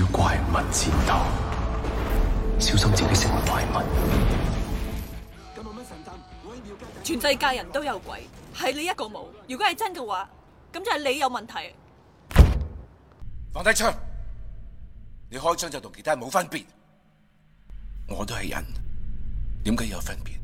要怪物戰鬥，小心自己成為怪物。全世界人都有鬼，係你一個冇。如果係真嘅話，咁就係你有問題。放低槍，你開槍就同其他人冇分別。我都係人，點解有分別？